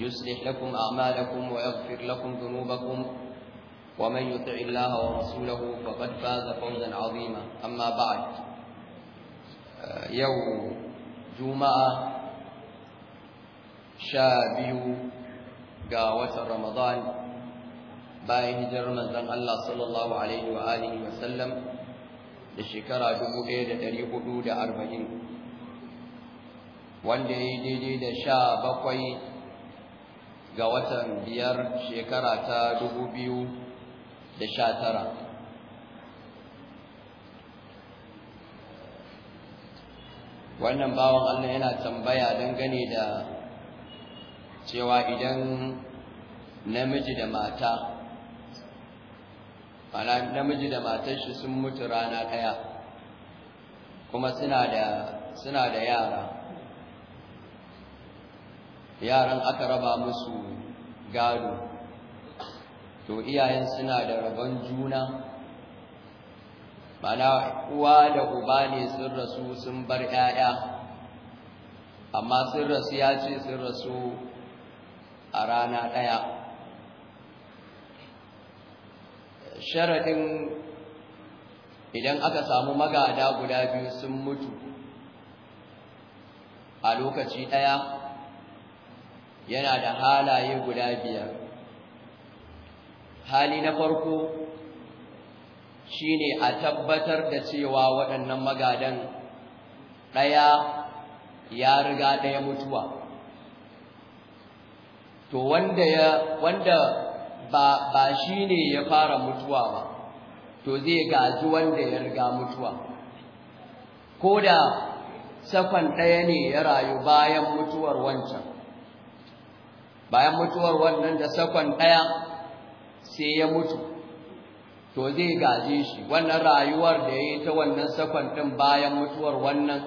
يصلح لكم أعمالكم ويغفر لكم ذنوبكم ومن يطع الله ورسوله فقد فاز فوزا عظيما أما بعد يوم جمعة شابيو قاوة رمضان باين هجر منزل الله صلى الله عليه وآله وسلم لشكرا جمعة لتريق دود أربعين wanda ya yi daidai da sha bakwai ga watan biyar shekara ta dubu biyu da sha tara wannan bawan Allah yana tambaya dangane da cewa idan namiji da mata ana namiji da matar shi sun mutu rana ɗaya kuma suna da yara yaran aka raba musu gado to iyayen suna da rabon juna mana uwa da uba ne sun rasu sun bar 'ya'ya amma sun rasu ya ce sun rasu a rana ɗaya sharaɗin idan aka samu magada guda biyu sun mutu a lokaci ɗaya yana da halaye guda biyar hali na farko shine a tabbatar da cewa waɗannan magadan ɗaya ya riga ɗaya mutuwa to wanda ya wanda ba ba ne ya fara mutuwa ba to zai gaji wanda ya riga mutuwa Ko da sakon ɗaya ne ya rayu bayan mutuwar wancan bayan mutuwar wannan da sakon ɗaya sai ya mutu to zai gaje shi wannan rayuwar da ya yi ta wannan sakon ɗin bayan mutuwar wannan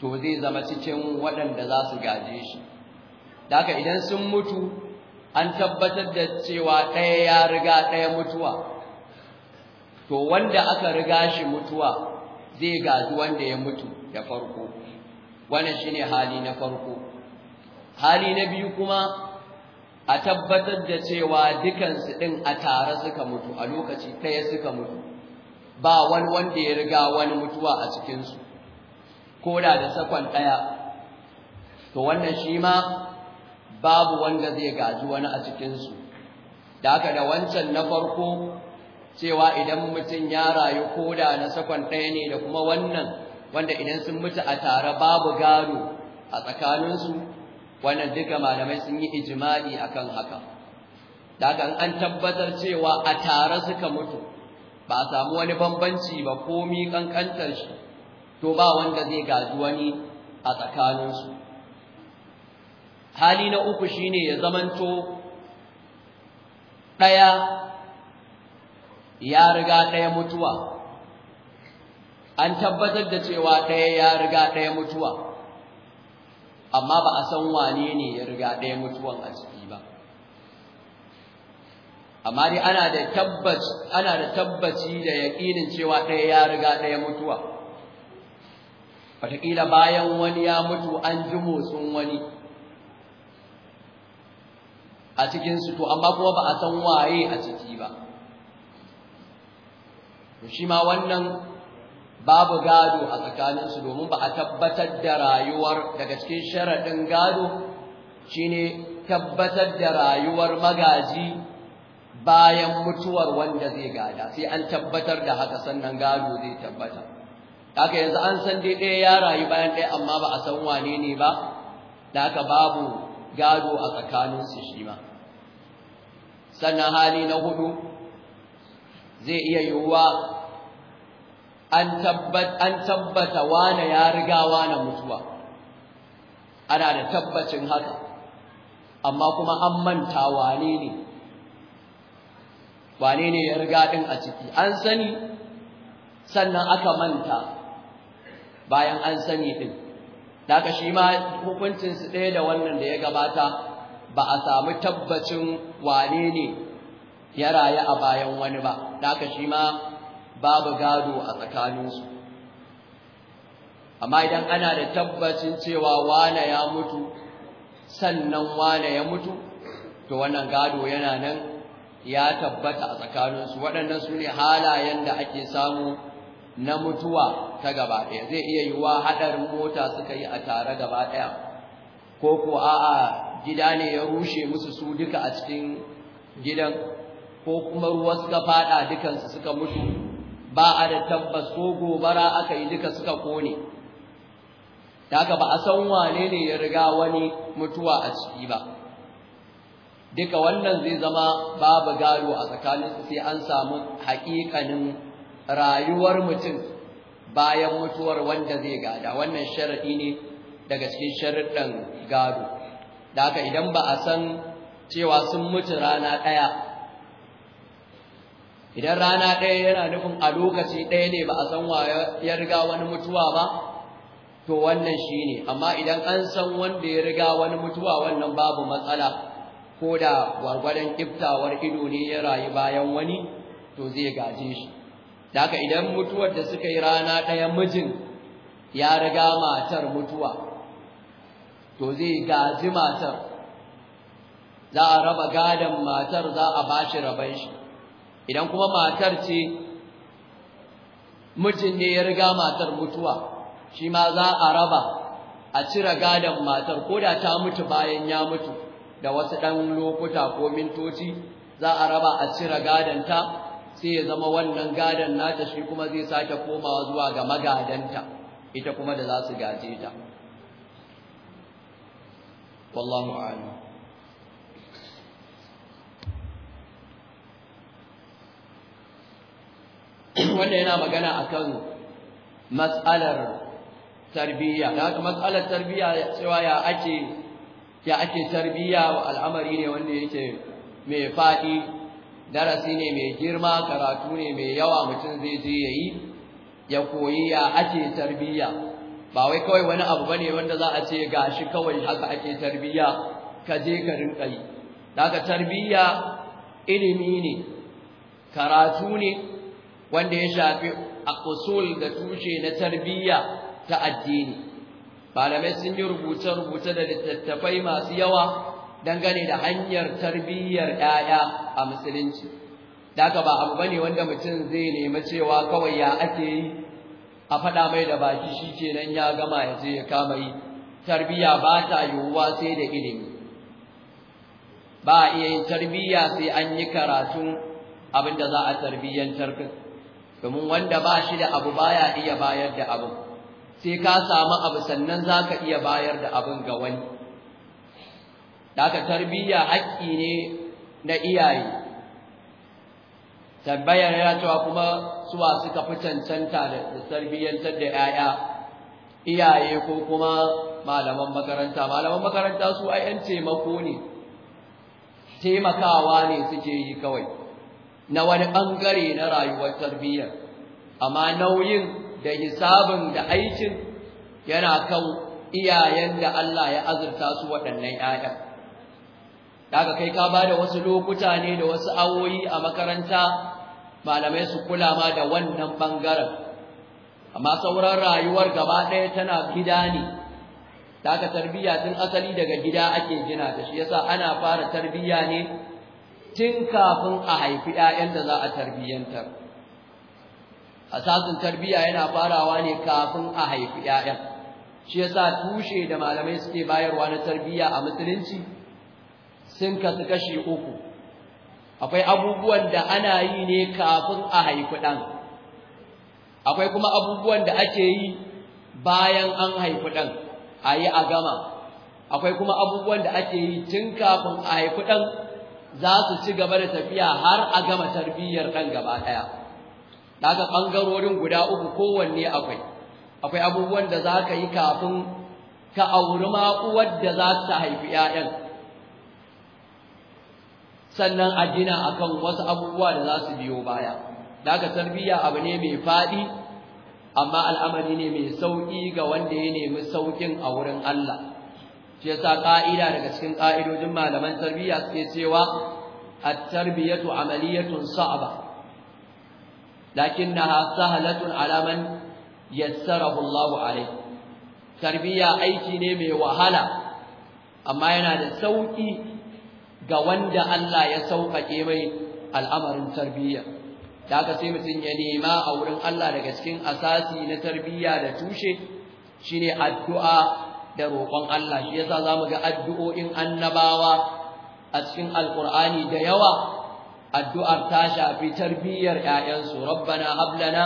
to zai zama cikin waɗanda za su gaje shi daga idan sun mutu an tabbatar da cewa ɗaya ya riga ɗaya mutuwa to wanda aka riga shi mutuwa zai gaji wanda ya mutu da farko wannan shine hali na farko hali na biyu kuma a tabbatar da cewa dukansu ɗin a tare suka mutu a lokaci ɗaya suka mutu ba wani wanda ya riga wani mutuwa a cikinsu ko da da sakon ɗaya to wannan shi ma babu wanda zai gaji wani a cikinsu da haka da wancan na farko cewa idan mutum ya rayu ko da na sakon ɗaya ne da kuma wannan wanda idan sun mutu a tare babu gado a tsakaninsu wannan duka malamai sun yi ijma'i akan haka daga an tabbatar cewa a tare suka mutu ba a samu wani bambanci ba komi kankantar shi to ba wanda zai gaji wani a tsakaninsu hali na uku shine ya zamanto ɗaya ya riga ɗaya mutuwa an tabbatar da cewa ɗaya ya riga ɗaya mutuwa amma ba a san wane ne ya riga ɗaya mutuwan a ciki ba amma dai ana da tabbaci ana da tabbaci da yaƙinin cewa ɗaya ya riga ɗaya mutuwa wataƙila bayan wani ya mutu an ji motsin wani a cikin su to amma kuma ba a san waye a ciki ba shi ma wannan babu gado a tsakaninsu domin ba a tabbatar da rayuwar daga cikin sharaɗin gado shine tabbatar da rayuwar magaji bayan mutuwar wanda zai gada sai an tabbatar da haka sannan gado zai tabbata haka yanzu an san dai ɗaya ya rayu bayan ɗaya amma ba a san wane ne ba da haka babu gado a tsakaninsu shi ma sannan hali na hudu zai iya yiwuwa an tabbata wane ya riga wane mutuwa ana da tabbacin haka amma kuma an manta wane ne wane ne ya riga ɗin a ciki an sani sannan aka manta bayan an sani din daga shi ma hukuncin ɗaya da wannan da ya gabata ba a samu tabbacin wane ne ya rayu a bayan wani ba daga shi ma babu gado a tsakaninsu amma idan ana da tabbacin cewa wane ya mutu sannan wane ya mutu to wannan gado yana nan ya tabbata a tsakaninsu waɗannan su ne halayen da ake samu na mutuwa ta gaba ɗaya zai iya yiwuwa haɗarin mota suka yi a tare gaba ɗaya ko ko a'a gida ne ya rushe musu su duka a cikin gidan ko kuma ruwa suka faɗa dukansu suka mutu ba a da tabbas ko gobara aka yi duka suka kone Daka ba a san wane ne ya riga wani mutuwa a ciki ba duka wannan zai zama babu gado a tsakaninsu sai an samu haƙiƙanin rayuwar mutum bayan mutuwar wanda zai gada wannan sharaɗi ne daga cikin sharaɗin gado Daka idan ba a san cewa sun mutu rana ɗaya idan rana ɗaya yana nufin a lokaci ɗaya ne ba a san wa ya riga wani mutuwa ba to wannan shi ne. amma idan an san wanda ya riga wani mutuwa wannan babu matsala ko da gwargwadon kiftawar ido ne ya rayu bayan wani to zai gaje shi daga idan mutuwar da suka yi rana ɗaya mijin ya riga matar mutuwa to zai gaji matar za a raba gadon matar za a bashi raban shi idan kuma matar ce mijin ne ya riga matar mutuwa shi ma za a raba a cire gadon matar ko da ta mutu bayan ya mutu da wasu ɗan lokuta ko mintoci za a raba a cire gadon ta, sai ya zama wannan gadon nata shi kuma zai sake komawa zuwa ga magadanta ita kuma da za su gaje ta wallahu a'lam wanda yana magana akan matsalar tarbiyya da haka matsalar tarbiyya cewa ya ake ya ake tarbiyya wa al'amari ne wanda yake mai faɗi darasi ne mai girma karatu ne mai yawa mutum zai je ya yi ya koyi ya ake tarbiyya ba wai kawai wani abu bane wanda za a ce ga shi kawai haka ake tarbiyya ka je ka rinka yi da haka tarbiyya ilimi ne karatu ne wanda ya shafi aqsul da tushe na tarbiyya ta addini malamai sun yi rubuce-rubuce da littattafai masu yawa dangane da hanyar tarbiyyar ɗaya a musulunci da ba abu bane wanda mutum zai nemi cewa kawai ya ake yi a faɗa mai da baki shi kenan ya gama ya je ya kama yi tarbiyya ba ta yiwuwa sai da ilimi ba a iya yin tarbiyya sai an yi karatun abin da za a tarbiyyantar domin wanda ba shi da abu baya iya bayar da abu sai ka samu abu sannan za ka iya bayar da abin ga wani daga tarbiyya haƙƙi ne na iyaye tambayar yana cewa kuma suwa suka fi cancanta da tarbiyyantar da 'ya'ya iyaye ko kuma malaman makaranta malaman makaranta su a 'yan taimako ne taimakawa ne suke yi kawai na wani bangare na rayuwar tarbiyyar amma nauyin da hisabin da aikin yana kan iyayen da Allah ya azurta su waɗannan 'ya'ya. Daga kai ka ba da wasu lokuta ne da wasu awoyi a makaranta malamai su kula ma da wannan ɓangaren. Amma sauran rayuwar gaba ɗaya tana gida ne. Daga tarbiyya tun asali daga gida ake gina ta shi yasa ana fara tarbiyya ne tun kafin a haifi ‘ya'yan da za a tarbiyyantar. Asasin tarbiyya yana farawa ne kafin a haifi ‘ya'yan, shi ya sa tushe da malamai suke bayarwa na tarbiyya a musulunci sun kasu kashi uku. Akwai abubuwan da ana yi ne kafin a haifi ɗan, akwai kuma abubuwan da ake yi bayan an haifi ɗan, a yi a gama, akwai kuma abubuwan da ake yi tun kafin a haifi ɗan. za su ci gaba da tafiya har a gama tarbiyyar ɗan gaba ɗaya daga ɓangarorin guda uku kowanne akwai akwai abubuwan da za ka yi kafin ka auri uwar da za ta haifi 'ya'yan sannan a gina akan wasu abubuwa da za su biyo baya daga tarbiyya abu ne mai faɗi amma al'amari ne mai sauƙi ga wanda ya nemi sauƙin a wurin Allah shi yasa ka'ida daga cikin ka'idojin malaman tarbiyya suke cewa at-tarbiyatu amaliyatun sa'aba lakinnaha sahlatun ala man yassarahu Allahu alayhi tarbiyya aiki ne mai wahala amma yana da sauki ga wanda Allah ya sauƙaƙe mai al'amarin tarbiyya da sai mutum ya nema a wurin Allah daga cikin asasi na tarbiyya da tushe shine addu'a da roƙon Allah shi yasa zamu ga addu'o'in annabawa a cikin alqur'ani da yawa addu'ar ta shafi tarbiyyar 'ya'yansu. rabbana hab lana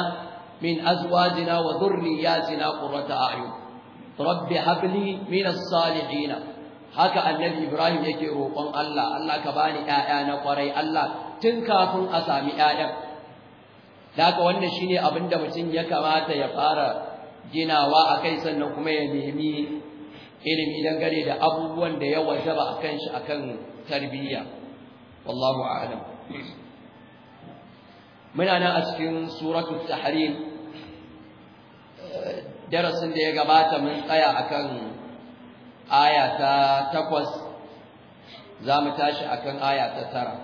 min azwajina wa dhurriyyatina qurrata a'yun rabbi hab li min as-salihin haka annabi ibrahim yake roƙon Allah Allah ka bani ƴaƴa na ƙwarai Allah tun kafin a sami ƴaƴan haka wannan shine abin da mutum ya kamata ya fara ginawa a kai sannan kuma ya nemi ilimi dangane da abubuwan da ya wajaba akan shi kan tarbiyya wallahu a'lam muna nan a cikin suratul tahrim darasin da ya gabata mun tsaya akan aya ta takwas za mu tashi akan aya ta tara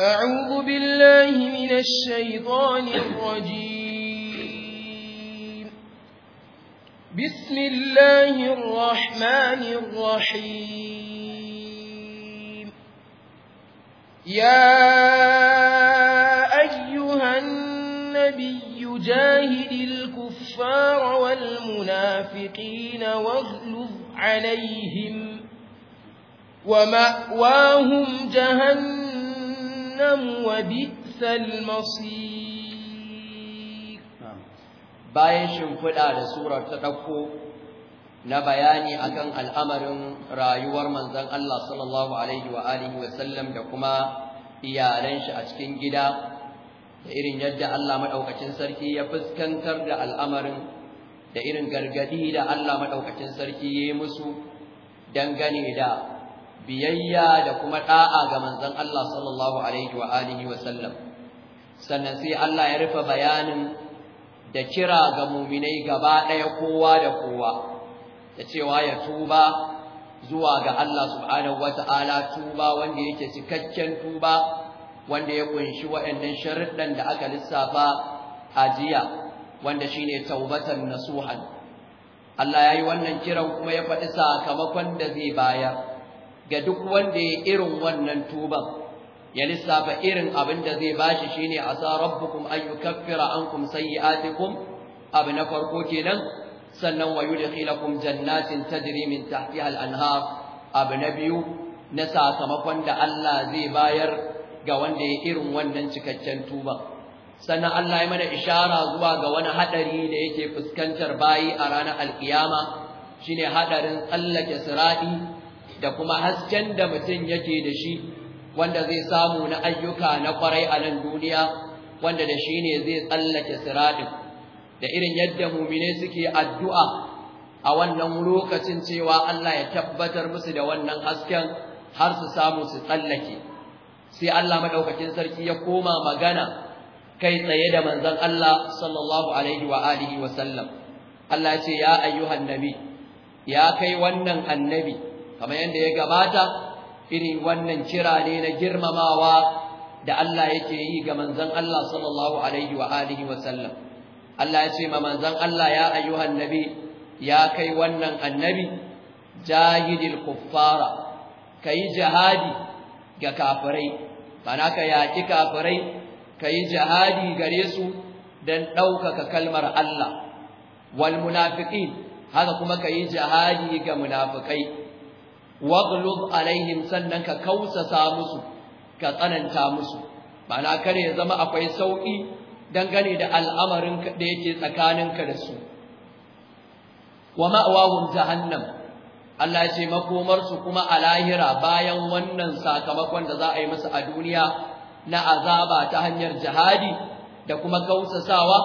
أعوذ بالله من الشيطان الرجيم بسم الله الرحمن الرحيم يا أيها النبي جاهد الكفار والمنافقين واغلظ عليهم ومأواهم جهنم وبئس المصير bayan shimfiɗa da surar ta ɗauko na bayani akan al'amarin rayuwar manzon Allah sallallahu alaihi wa alihi wa sallam da kuma iyalan shi a cikin gida da irin yadda Allah madaukakin sarki ya fuskantar da al'amarin da irin gargadi da Allah madaukakin sarki ya yi musu dangane da biyayya da kuma da'a ga manzon Allah sallallahu alaihi wa alihi wa sallam sannan sai Allah ya rufe bayanin da kira ga muminai gaba ɗaya kowa da kowa da cewa ya tuba zuwa ga Allah subhanahu wata'ala tuba wanda yake cikakken tuba wanda ya kunshi waɗannan sharuɗan da aka lissafa a jiya wanda shine taubatan nasuhan Allah ya yi wannan kiran kuma ya faɗi sakamakon da zai bayar ga duk wanda ya irin wannan tuban ya lissafa irin abin da zai bashi shine asa rabbukum an yukaffira ankum sayyi'atikum abu na farko kenan sannan wa yudkhilakum jannatin tajri min tahtiha al-anhar abu na biyu na sakamakon da Allah zai bayar ga wanda ya irin wannan cikakken tuba sannan Allah ya mana ishara zuwa ga wani hadari da yake fuskantar bayi a ranar alkiyama shine hadarin tsallake sirati da kuma hasken da mutum yake da shi wanda zai samu na ayyuka na kwarai a nan duniya wanda da shi ne zai tsallake siraɗin da irin yadda Muminai suke addu'a a wannan lokacin cewa Allah ya tabbatar musu da wannan hasken har su samu su tsallake sai Allah maɗaukakin sarki ya koma magana kai tsaye da manzon Allah sallallahu alaihi wa alihi wa sallam Allah ce ya ayyuhan nabi ya kai wannan annabi kamar yadda ya gabata irin wannan kira ne na girmamawa da Allah yake yi ga manzon Allah sallallahu alaihi wa alihi wa sallam Allah ya ce ma manzon Allah ya ayyuhan nabi ya kai wannan annabi jahidil kuffara kai jihadi ga kafirai bana ka yaki kafirai kai jihadi gare su dan ɗaukaka kalmar Allah wal munafiqin haka kuma kai jihadi ga munafikai waglub alaihim sannan ka kausasa musu ka tsananta musu bana kar ya zama akwai sauki dangane da al'amarin da yake tsakaninka da su wa ma'awahum jahannam Allah ya ce makomar su kuma a lahira bayan wannan sakamakon da za a yi musu a duniya na azaba ta hanyar jihadi da kuma kausasawa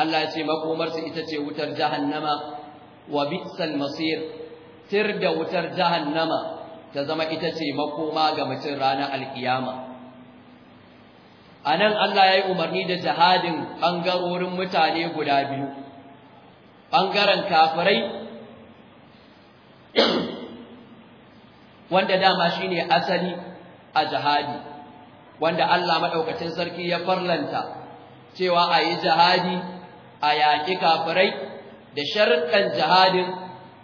Allah ya ce makomar su ita ce wutar jahannama wa bi'sal masir tir da wutar jahannama ta zama ita ce makoma ga mutum ranar alkiyama a nan Allah ya yi umarni da jihadin ɓangarorin mutane guda biyu ɓangaren kafirai wanda dama shine asali a jihadi wanda Allah maɗaukacin sarki ya farlanta cewa a yi jihadi a yaƙi kafirai da sharɗan jihadin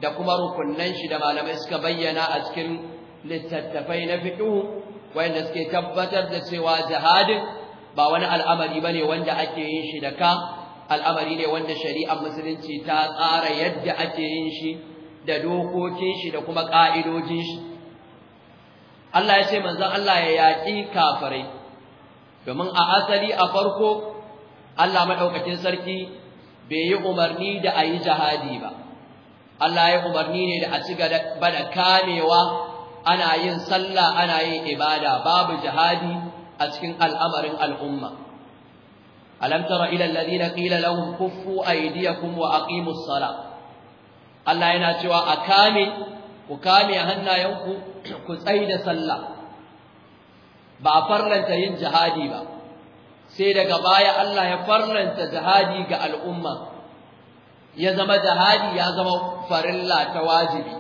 da kuma rukunnan shi da malamai suka bayyana a cikin littattafai na fiqh wanda suke tabbatar da cewa jihadin ba wani al'amari ne wanda ake yin shi da ka al'amari ne wanda shari'ar musulunci ta tsara yadda ake yin shi da dokokin shi da kuma ka'idojin shi Allah ya ce manzon Allah ya yaki kafirai domin a asali a farko Allah madaukakin sarki bai yi umarni da ayi jihadi ba Allah ya umarni ne da a ci gaba da kamewa ana yin sallah ana yin ibada babu jihadi a cikin al'amarin al'umma alam tara ila alladhina qila lahum kuffu aydiyakum wa aqimus sala Allah yana cewa a kame ku kame hannayenku ku tsaida sallah ba farlanta yin jihadi ba sai daga baya Allah ya farlanta jihadi ga al'umma ya zama jihadi ya zama farilla ta wajibi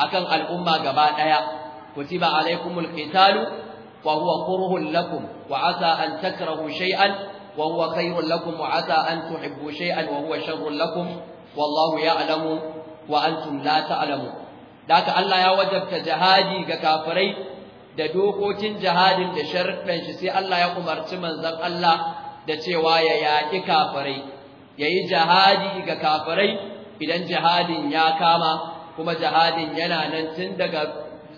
akan al'umma gaba daya kutiba alaikumul qitalu wa huwa kurhun lakum wa asa an takrahu shay'an wa huwa khairun lakum wa asa an tuhibbu shay'an wa huwa sharrun lakum wallahu ya'lamu wa antum la ta'lamun daka Allah ya wajabta jihadi ga kafirai da dokokin jihadin da sharɗan shi sai Allah ya umarci manzon Allah da cewa ya yaƙi kafirai yayi jihadi ga kafirai idan jihadin ya kama kuma jihadin yana nan tun daga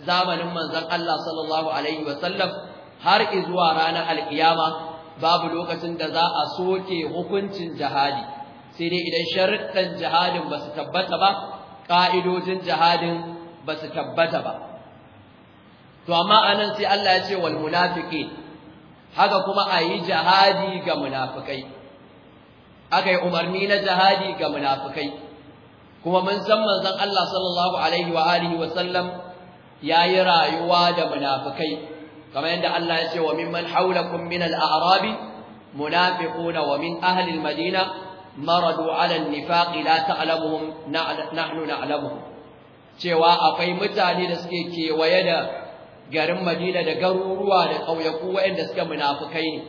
zamanin manzon Allah sallallahu alaihi wasallam har zuwa ranar alkiyama babu lokacin da za a soke hukuncin jihadi sai dai idan sharuɗan jihadin ba su tabbata ba ƙa'idojin jihadin ba su tabbata ba to amma anan sai Allah ya ce wal munafiqin haka kuma a yi jihadi ga munafikai aka yi umarni na jihadi ga munafikai kuma mun san manzon Allah sallallahu alaihi wa alihi wa sallam yayi rayuwa da munafikai kamar yadda Allah ya ce wa mimman haulakum min al-a'rabi munafiquna wa min ahli al-madina maradu ala an-nifaqi la ta'lamuhum nahnu na'lamuhum cewa akwai mutane da suke kewaye da garin Madina da garuruwa da ƙauyaku waɗanda suke munafukai ne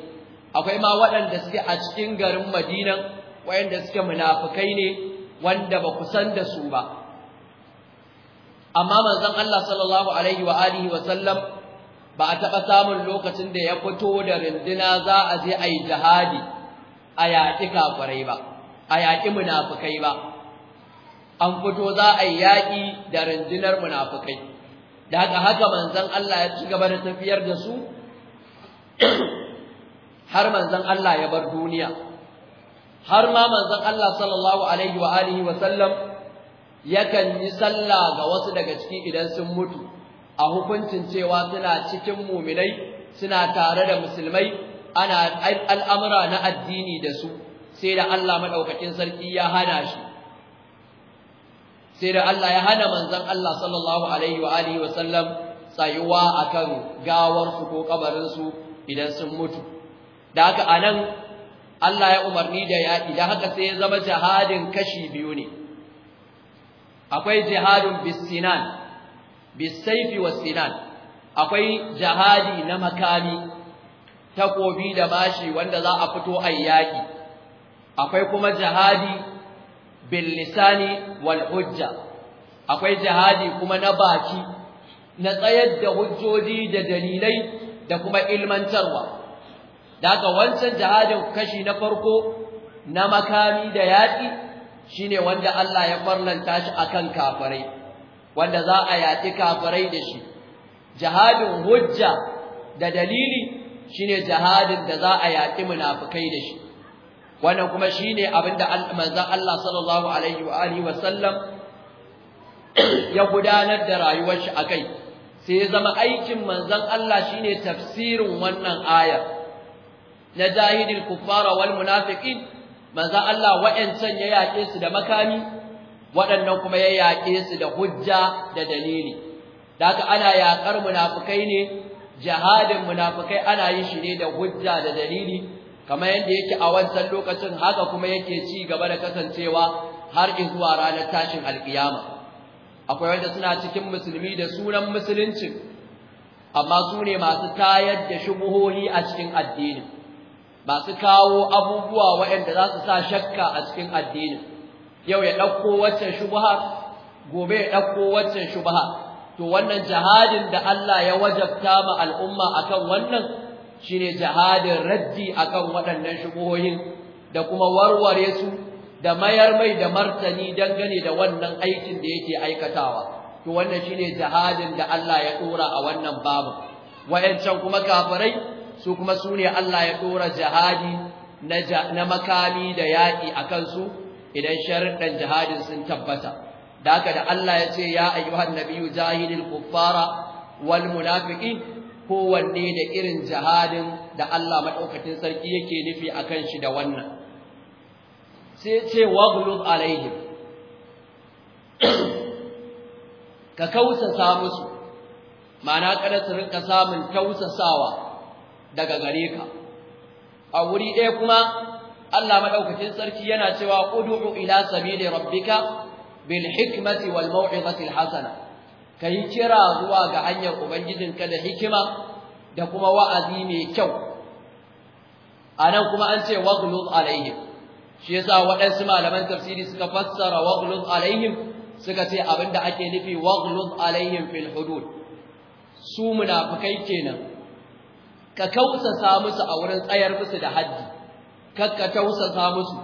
akwai ma waɗanda suke a cikin garin madinan waɗanda suke munafukai ne wanda ba ku san da su ba amma manzon Allah sallallahu alaihi wa alihi wa sallam ba a taɓa samun lokacin da ya fito da rinduna za a je a yi jihadi a yaƙi kafirai ba a yaƙi munafukai ba an fito za a yi yaƙi da rundunar munafukai da haka haka manzon Allah ya ci gaba da tafiyar da su har manzon Allah ya bar duniya har ma manzon Allah sallallahu alaihi wa alihi wa sallam yakan yi sallah ga wasu daga ciki idan sun mutu a hukuncin cewa suna cikin muminai suna tare da musulmai ana al'amura na addini da su sai da Allah madaukakin sarki ya hana shi sai da Allah ya hana manzon Allah sallallahu alaihi wa alihi wa sallam tsayuwa akan gawar su ko kabarin su idan sun mutu da haka anan Allah ya umarni da yaƙi da haka sai ya zama jihadin kashi biyu ne akwai jihadun bisinan bisaifi sinan. akwai jihadi na makami takobi da bashi wanda za a fito a yaƙi akwai kuma jihadi bil lisani wal hujja akwai jihadi kuma na baki na tsayar da hujjoji da dalilai da kuma ilmantarwa daga wancan jihadin kashi na farko na makami da yaƙi shine wanda Allah ya farlanta shi akan kafarai, wanda za a yaƙi kafarai da shi jihadin hujja da dalili shine jihadin da za a yaƙi munafukai da shi wannan kuma shine abinda manzan Allah sallallahu alaihi wa wa sallam ya gudanar da rayuwar shi kai. sai ya zama aikin manzon Allah shine tafsirin wannan ayar na jahidil kuffara wal munafiqin manzo Allah wa'ancan ya yake su da makami waɗannan kuma ya yake su da hujja da dalili daga ana yakar munafikai ne jihadin munafikai ana yin shi ne da hujja da dalili kamar yadda yake a wancan lokacin haka kuma yake ci gaba da kasancewa har zuwa ranar tashin alkiyama akwai wanda suna cikin musulmi da sunan musulunci amma su ne masu tayar da shubuhohi a cikin addinin masu kawo abubuwa waɗanda za su sa shakka a cikin addinin yau ya ɗauko waccan shubha gobe ya ɗauko waccan shubha to wannan jihadin da Allah ya wajabta ma al'umma akan wannan shine jihadin raddi akan waɗannan shubuhohin da kuma warware su da mayar mai da martani dangane da wannan aikin da yake aikatawa to wannan shine jihadin da Allah ya dora a wannan babu wayancan kuma kafirai su kuma su ne Allah ya ɗora jihadi na makami da yaƙi a kansu idan sharuɗan jihadin sun tabbata. Da haka da Allah ya ce, Ya ayyuhan nabiyu jahilil kuffara wal munafiki kowanne da irin jihadin da Allah maɗaukacin sarki yake nufi a kan shi da wannan. Sai ce, Waglub alaihim, ka kausa musu, ma'ana kada su rinka samun kausasawa. daga gare ka a wuri ɗaya kuma Allah madaukakin sarki yana cewa ud'u ila sabili rabbika bil hikmati wal mau'izati al hasana kai kira zuwa ga hanyar ubangijinka da hikima da kuma wa'azi mai kyau anan kuma an ce waghluz alaihim shi yasa waɗansu malaman tafsiri suka fassara waghluz alaihim suka ce abinda ake nufi waghluz alaihim fil hudud su munafikai kenan ka kausasa musu a wurin tsayar musu da haddi kakka tausasa musu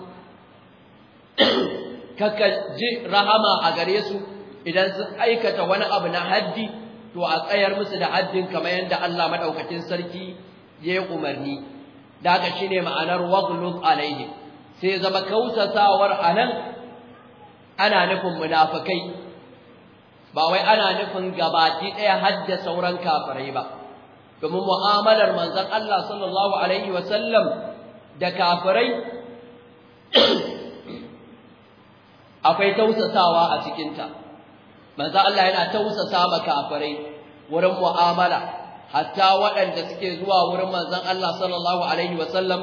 kakka ji rahama a gare su idan sun aikata wani abu na haddi to a tsayar musu da haddin kamar yadda Allah madaukakin sarki ya yi umarni da haka shine ma'anar waghlud alaihi sai zama kausasawar anan ana nufin munafikai ba wai ana nufin gabaki ɗaya hadda sauran kafirai ba domin mu'amalar manzon Allah sallallahu alaihi wasallam da kafirai akwai tausasawa a cikinta manzon Allah yana tausasa ma kafirai wurin mu'amala hatta waɗanda suke zuwa wurin manzon Allah sallallahu alaihi wasallam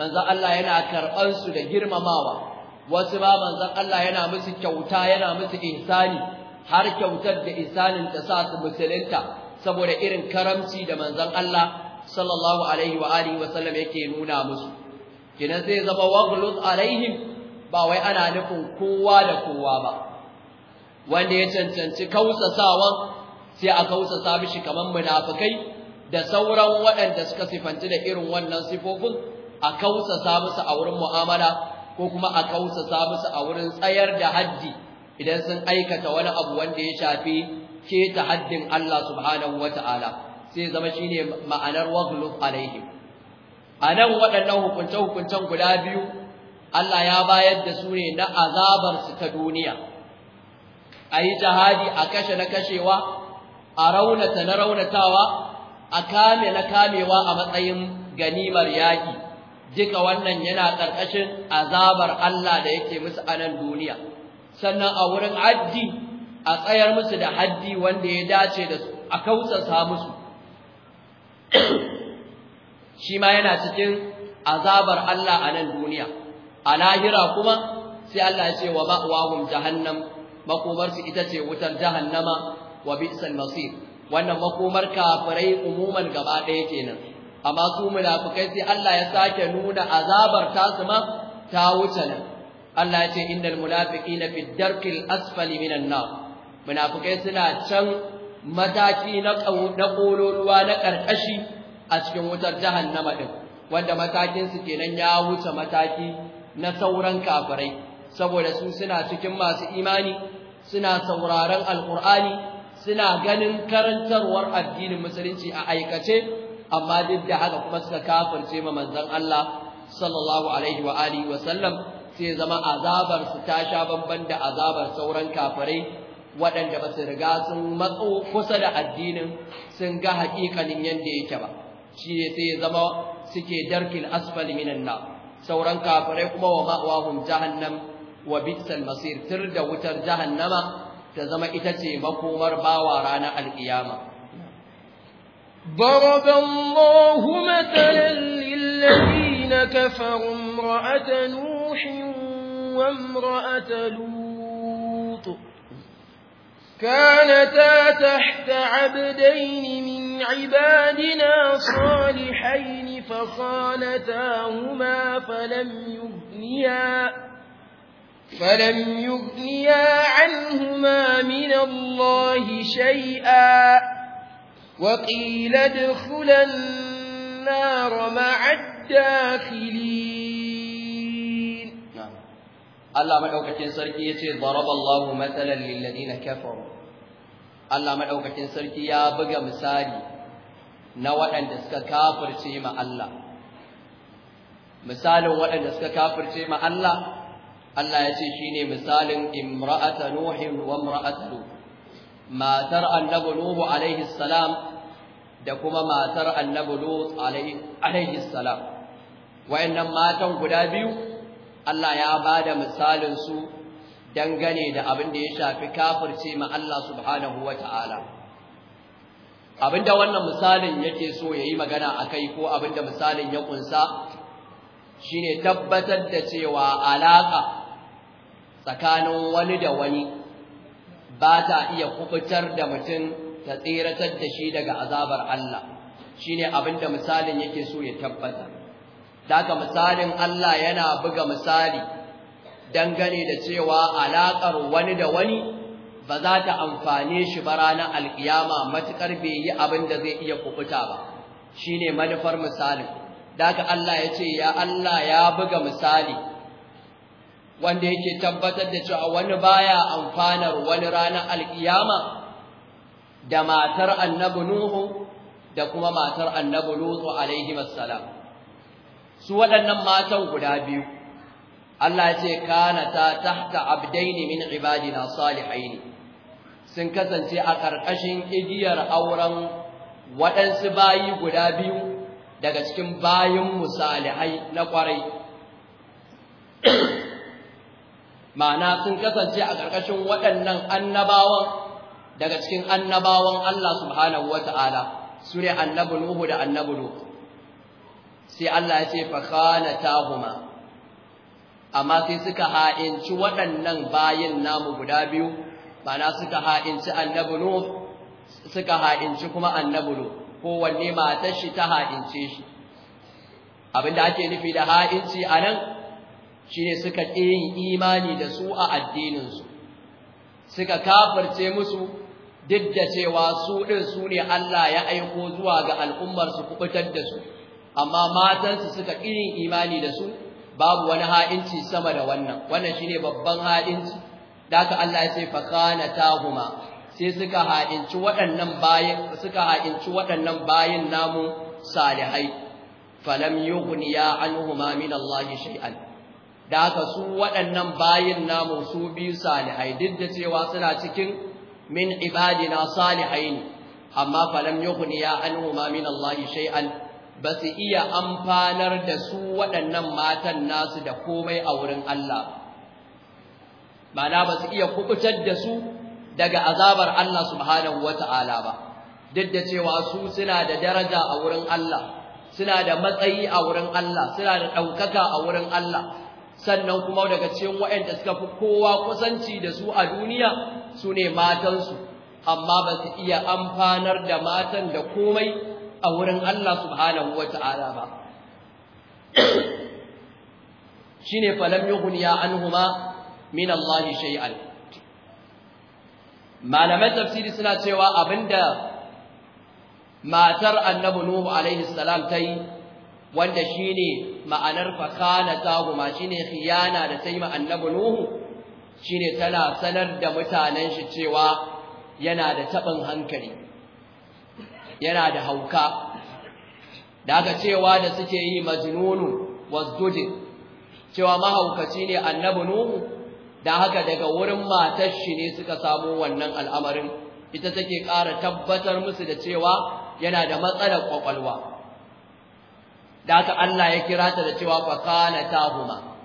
manzon Allah yana karɓan su da girmamawa wasu ba manzon Allah yana musu kyauta yana musu ihsani har kyautar da ihsanin ta sa su musulunta saboda irin karamci da manzon Allah sallallahu alaihi wa alihi wa sallam yake nuna musu kinan zai zama waghluz alaihim ba wai ana nufin kowa da kowa ba wanda ya cancanci kausasawan sai a kausasa mishi kaman munafikai da sauran waɗanda suka sifanci da irin wannan sifofin a kausasa musu a wurin mu'amala ko kuma a kausasa musu a wurin tsayar da haddi idan sun aikata wani abu wanda ya shafi keta haddin Allah subhanahu wataala sai zama shine ma'anar waghlub alaihim anan waɗannan hukunce hukuncen guda biyu Allah ya bayar da su ne na azabar su ta duniya ayi jihadi a kashe na kashewa a raunata na raunatawa a kame na kamewa a matsayin ganimar yaki duka wannan yana ƙarƙashin azabar Allah da yake musu anan duniya sannan a wurin addi a tsayar musu da haddi wanda ya dace da su a kausasa musu shi ma yana cikin azabar Allah a nan duniya a lahira kuma sai Allah ya ce wa ma'wahum jahannam makomar su ita ce wutar jahannama wa bi'sal masir wannan makomar kafirai umuman gaba ɗaya kenan amma su munafikai sai Allah ya sake nuna azabar tasu ma ta wuce nan Allah ya ce innal munafiqina fid darkil asfali minan nar munafukai suna can mataki na ƙololuwa na ƙarƙashi a cikin wutar jahannama din wanda matakinsu kenan ya wuce mataki na sauran kafirai saboda su suna cikin masu imani suna sauraron alƙur'ani suna ganin karantarwar addinin musulunci a aikace amma duk da haka kuma suka kafirce ma manzon Allah sallallahu alaihi wa alihi wa sallam sai zama azabar su ta sha bamban da azabar sauran kafirai waɗanda ba su riga sun matso kusa da addinin sun ga haƙiƙanin yadda yake ba shi ne sai ya zama suke darkin asfali minan na sauran kafirai kuma wa ma'awahum jahannam wa bitsal masir tur da wutar jahannama ta zama ita ce makomar bawa ranar alkiyama ضرب الله مثلا للذين كفروا امرأة نوح وامرأة لوط كانتا تحت عبدين من عبادنا صالحين فخانتاهما فلم يغنيا فلم يغنيا عنهما من الله شيئا وقيل ادخلا النار مع الداخلين نعم. الله مدوكتين سركي يتي ضرب الله مثلا للذين كفروا Allah maɗaukakin sarki ya buga misali na waɗanda suka kafirce ma Allah misalin waɗanda suka kafirce ma Allah Allah ya ce shi ne misalin imra'ata nuhin wa imra'atu matar annabi nuhu alaihi salam da kuma matar annabi lut alaihi salam wayannan matan guda biyu Allah ya ba da misalin su dangane da abin da ya shafi kafirce ma Allah subhanahu wa ta'ala, abin da wannan misalin yake so ya yi magana a kai ko abin da misalin ya kunsa ne tabbatar da cewa alaƙa tsakanin wani da wani ba ta iya kubutar da mutum ta tseratar da shi daga azabar Allah shi ne abin da misalin yake so ya tabbata daga misalin Allah yana buga misali dangane da cewa alaƙar wani da wani ba za ta amfane shi ba ranar alƙiyama matuƙar bai yi abin da zai iya kubuta ba shi ne manufar misali daga Allah ya ce ya Allah ya buga misali wanda yake tabbatar da cewa wani baya amfanar wani ranar alƙiyama da matar annabi Nuhu da kuma matar annabi nuhu alaihi wassalam su waɗannan matan guda biyu Allah ce kana ta tahta abdaini min ibadina salihain sun kasance a ƙarƙashin igiyar auren waɗansu bayi guda biyu daga cikin bayinmu salihai na kwarai ma'ana sun kasance a ƙarƙashin waɗannan annabawan daga cikin annabawan Allah subhanahu wata'ala sune annabi Nuhu da annabi Lut sai Allah ya ce fa khanatahuma amma sai suka ha'inci waɗannan bayin namu guda biyu bana suka ha'inci annabi suka ha'inci kuma annabi kowanne matar shi ta ha'ince shi abinda ake nufi da ha'inci a nan, shi ne suka yin imani da su a addininsu, suka kafarce musu duk da cewa su ɗin su ne Allah ya aiko zuwa ga al'ummarsu kuɓutar da su amma matansu suka yin imani da su babu wani ha'inci sama da wannan wannan shine babban ha'inci daka Allah ya ce fa kana tahuma sai suka ha'inci waɗannan bayin suka ha'inci waɗannan bayin namu salihai falam yughniya anhuma min Allah shay'an daka su waɗannan bayin namu su biyu salihai duk da cewa suna cikin min ibadina salihai ne amma falam yughniya anhuma min Allah shay'an ba su iya amfanar da su waɗannan matan nasu da komai a wurin Allah mana ba su iya kukutar da su daga azabar Allah subhanahu wata'ala ba duk da cewa su suna da daraja a wurin Allah suna da matsayi a wurin Allah suna da ɗaukaka a wurin Allah sannan kuma daga cikin waɗanda suka fi kowa kusanci da su a duniya su ne matansu amma ba su iya amfanar da matan da komai a wurin Allah subhanahu wata'ala ba shine falam yughniya anhuma min Allah al? Malamai tafsiri suna cewa abinda matar annabi nuhu alaihi salam tayi wanda shine ma'anar fakana taguma ne khiyana da tayi ma annabi nuhu shine tana sanar da mutanen shi cewa yana da taɓin hankali yana da hauka daga cewa da suke yi majnunu wasdudin cewa mahaukaci ne annabi nuhu da haka daga wurin matar shi ne suka samu wannan al'amarin ita take ƙara tabbatar musu da cewa yana da matsalar kwakwalwa da haka Allah ya kira ta da cewa fakana tahuma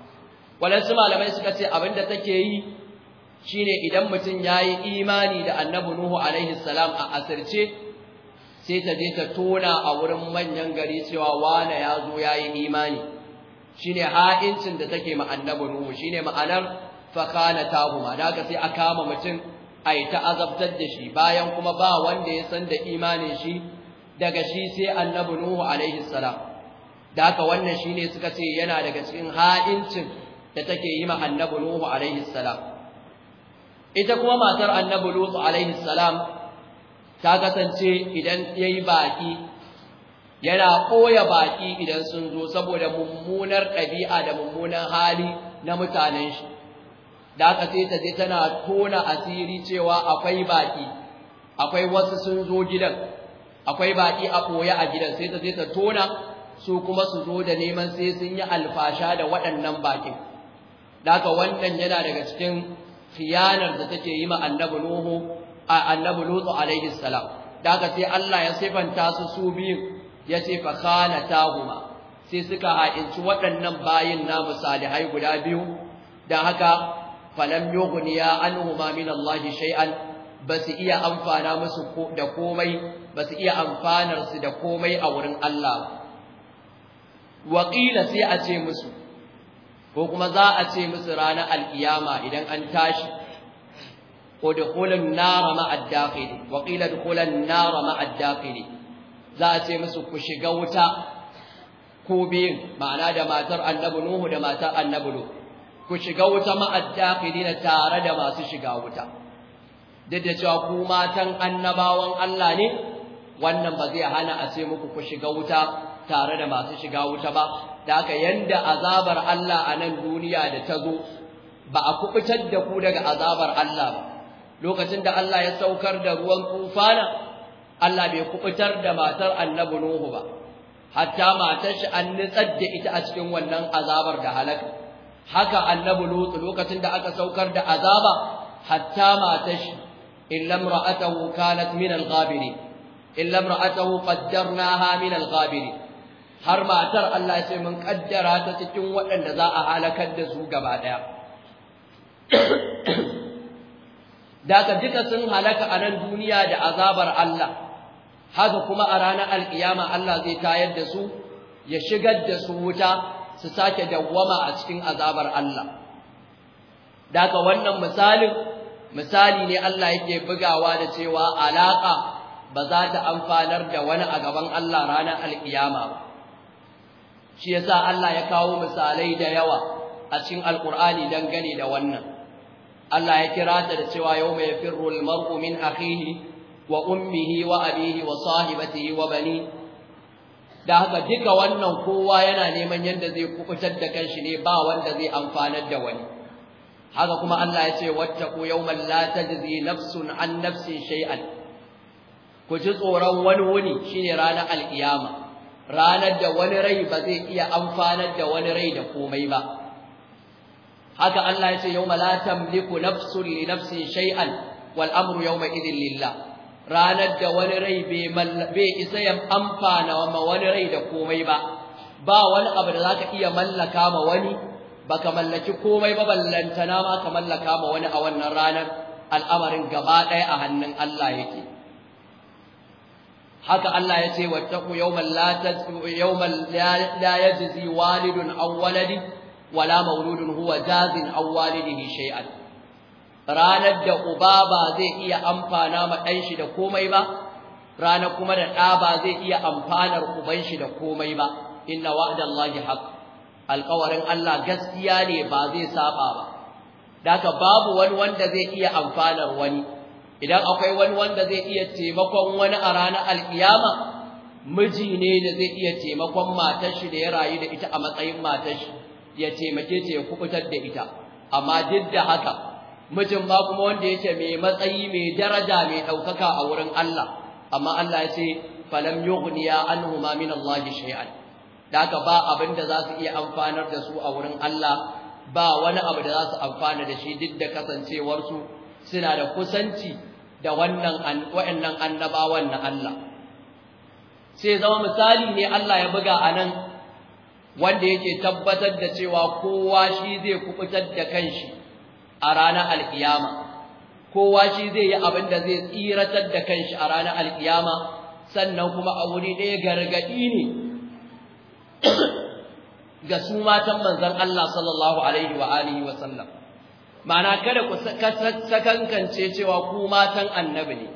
walansu malamai suka ce abinda take yi shine idan mutum yayi imani da annabi nuhu alaihi salam a asirce sai ta je ta tona a wurin manyan gari cewa wane ya zo ya yi imani shine ha'incin da take ma annabi shi shine ma'anar fakana huma da aka sai a kama mutum yi ta azabtar da shi bayan kuma ba wanda ya san da imanin shi daga shi sai annabi Nuhu alaihi salam da aka wannan shine suka ce yana daga cikin ha'incin da take yi ma annabi Nuhu alaihi salam ita kuma matar annabi Lutu alaihi salam ta kasance idan ya yi baƙi yana ɓoye baƙi idan sun zo saboda mummunar ɗabi'a da mummunan hali na mutanen shi da aka sai ta je tana tona asiri cewa akwai baƙi akwai wasu sun zo gidan akwai baƙi a ɓoye a gidan sai ta je ta tona su kuma su zo da neman sai sun yi alfasha da waɗannan baƙin da aka wannan yana daga cikin khiyanar da take yi ma annabi Nuhu annabi lutu alaihi salam daga sai Allah ya sifanta su su biyu yace fa khanatahuma sai suka ha'inci waɗannan bayin namu salihai guda biyu da haka falam yughniya anhuma min Allah shay'an basu iya amfana musu da komai basu iya amfanar su da komai a wurin Allah waqila sai a ce musu ko kuma za a ce musu ranar alkiyama idan an tashi ودخول النار مع الداخل وقيل دخول النار مع الداخل ذات مسك شغوتا كوبين معنى ده ماتر النبي نوح ده ماتر النبي ku shiga wuta ma'addaqilina tare da masu shiga wuta duk cewa ku matan annabawan Allah ne wannan ba zai hana a ce muku ku shiga wuta tare da masu shiga wuta ba da haka yanda azabar Allah a nan duniya da ta zo ba a kubutar da ku daga azabar Allah ba lokacin da Allah ya saukar da ruwan tufana Allah bai kubutar da matar annabi Nuhu ba hatta matar shi an nitsar da ita a cikin wannan azabar da halaka haka annabi Lut lokacin da aka saukar da azaba hatta matar shi illa imra'atahu kanat min al-ghabirin illa imra'atahu qaddarnaha min al-ghabirin har matar Allah ya ce mun kaddara ta cikin waɗanda za a halakar da su gaba ɗaya daga duka sun halaka a nan duniya da azabar Allah haka kuma a ranar alkiyama Allah zai tayar da su ya shigar da su wuta su sake dawwama a cikin azabar Allah daga wannan misalin misali ne Allah yake bugawa da cewa alaƙa ba za ta amfanar da wani a gaban Allah ranar alkiyama ba shi yasa Allah ya kawo misalai da yawa a cikin alkur'ani dangane da wannan Allah ya kira ta da cewa yau mai firru maru min akhihi wa ummihi wa abihi wa sahibatihi wa bani da haka duka wannan kowa yana neman yadda zai kubutar da kanshi ne ba wanda zai amfanar da wani haka kuma Allah ya ce wattaqu yawman la tajzi nafsun an nafsin shay'an ku ji tsoron wani wuni shine ranar alkiyama ranar da wani rai ba zai iya amfanar da wani rai da komai ba haka Allah ya ce yawma la liku nafsun li nafsin shay'an wal amru yawma idin lillah ranar da wani rai bai isa ya amfana ma wani rai da komai ba ba wani abu da zaka iya mallaka ma wani baka mallaki komai ba ballantana ma ka mallaka ma wani a wannan ranar al'amarin gaba ɗaya a hannun Allah yake haka Allah ya ce wattaqu yawman la tajzi yawman la yajzi walidun aw waladi wala mauludun huwa jazin aw walidihi shay'an ranar da uba ba zai iya amfana ma dan shi da komai ba ranar kuma da ɗa ba zai iya amfanar uban shi da komai ba inna wa'dallahi haqq alƙawarin Allah gaskiya ne ba zai saba ba daka babu wani wanda zai iya amfanar wani idan akwai wani wanda zai iya taimakon wani a ranar alkiyama miji ne da zai iya taimakon matar shi da ya rayu da ita a matsayin matar shi ya taimake ta ya kubutar da ita amma duk da haka mijin ma kuma wanda yake mai matsayi mai daraja mai ɗaukaka a wurin Allah amma Allah ya ce falam yughniya anhuma min Allah shay'an daga ba abin da za su iya amfanar da su a wurin Allah ba wani abu da za su amfana da shi duk da kasancewar su suna da kusanci da wannan wa'annan annabawan na Allah sai zama misali ne Allah ya buga anan wanda yake tabbatar da cewa kowa shi zai kubutar da kanshi a ranar alkiyama kowa shi zai yi abin da zai tsiratar da kanshi a ranar alkiyama sannan kuma a wuri ɗaya gargaɗi ne ga su matan manzon Allah sallallahu alaihi wa alihi wa sallam ma'ana kada ku sakankance cewa ku matan annabi ne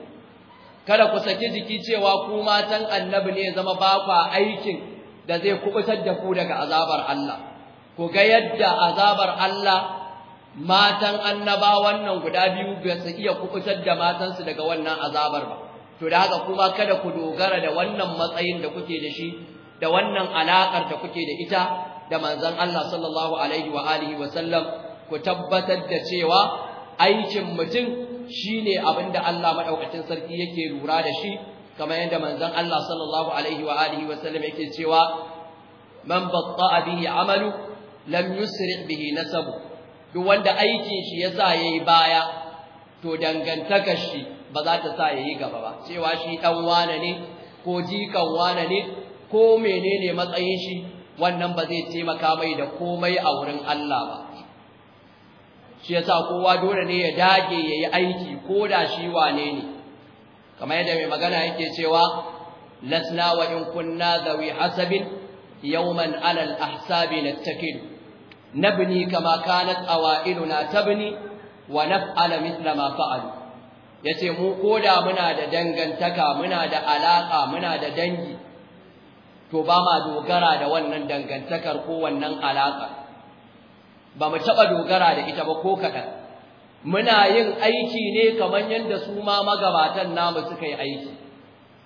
kada ku saki jiki cewa ku matan annabi ne zama ba aikin da zai kubutar da ku daga azabar Allah ku ga yadda azabar Allah matan annaba wannan guda biyu ba su iya kubutar da matansu daga wannan azabar ba to da haka kuma kada ku dogara da wannan matsayin da kuke da shi da wannan alakar da kuke da ita da manzon Allah sallallahu alaihi wa alihi wa sallam ku tabbatar da cewa aikin mutum shine abinda Allah madaukakin sarki yake lura da shi kamar yadda manzon Allah sallallahu alaihi wa alihi wa sallam yake cewa man batta'a bihi amalu lam yusri bihi nasabu duk wanda aikin shi yasa yayi baya to dangantakar shi ba za ta sa yayi gaba ba cewa shi dan wane ne ko jikan wane ne ko menene matsayin shi wannan ba zai taimaka mai da komai a wurin Allah ba shi yasa kowa dole ne ya dage yayi aiki ko da shi wane ne kamar yadda mai magana yake cewa lasna wa in kunna zawi hasabin yawman ala al-ahsabi nattakil nabni kama kanat awailuna tabni wa naf'ala mithla ma fa'alu yace mu koda muna da dangantaka muna da alaka muna da dangi to ba ma dogara da wannan dangantakar ko wannan alaka ba mu taba dogara da ita ba ko kadan muna yin aiki ne kamar yadda su ma magabatan namu suka yi aiki